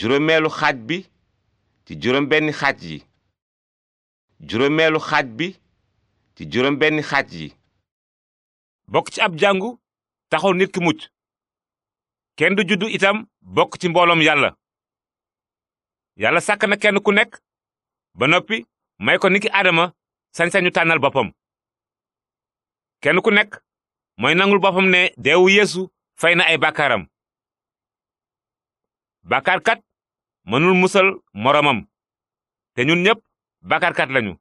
juróomeelu xaaj bi ci juróom benni xaaj yi juróomeelu xaaj bi ci juróom xaaj yi bokk ci ab jàngu taxul nit ki mucc kenn du juddu itam bokk ci mbooloom yàlla yàlla sàkk na kenn ku nekk ba noppi may ko niki aadama sañ tànnal boppam kenn ku nekk mooy nangul boppam ne deewu yéesu fay na ay bàkkaaram bàkkaarkat mënul musal moromam te ñun ñépp bàkkaarkat lañu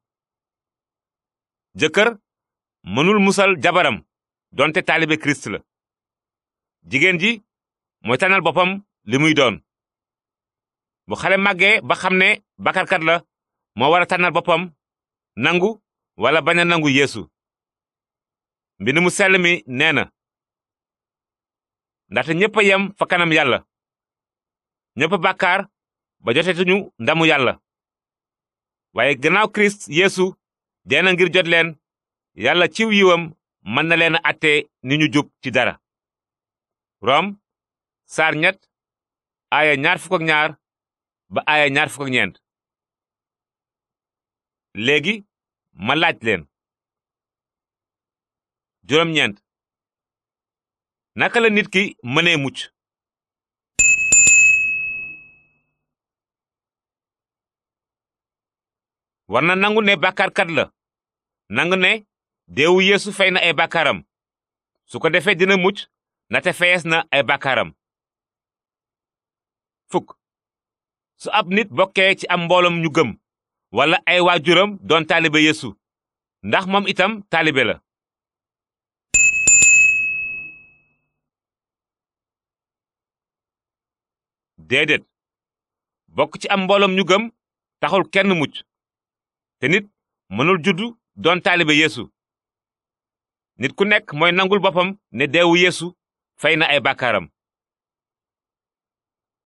jëkkër mënul musal jabaram donte taalibe kirist la jigéen ji mooy tanal boppam li muy doon bu xale màggee ba ne bàkkaarkat la moo war tanal tànnal boppam nangu wala bañ a nangu yeesu mbind mu sell mi nee na ndaxte ñépp a yàlla ñëpp bàkkaar ba jotetuñu ndamu yàlla waaye ganaaw kirist yéesu dee na ngir jot leen yàlla ciw yiwam mën na leen a àtte ni ñu ci dara rom saar ñett aaya ñaar fukk ñaar ba aaya ñaar fukk ñeent léegi ma laaj leen juróom ñeent naka la nit ki mënee mucc war na nangu ne bàkkaarkat la nangu ne deewu yeesu fey na ay bàkkaaram su ko defee dina mucc ndaxte feyees na ay bàkkaaram fukk su ab nit bokkee ci am mboolam ñu gëm wala ay waajuram doon taalibe yeesu ndax moom itam taalibe la déedéet bokk ci am mbooloom ñu gëm taxul kenn mucc te nit mënul juddu doon taalibe yeesu nit ku nekk mooy nangul boppam ne deewu yéesu fay na ay bàkkaaram